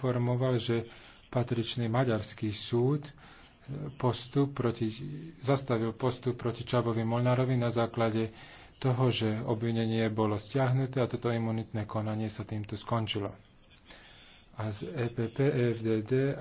informoval, že patričný maďarský súd e, postup proti, zastavil postup proti Čabovi Molnárovi na základe toho, že obvinenie bolo stiahnuté a toto imunitné konanie sa týmto skončilo. A z EPP, EFDD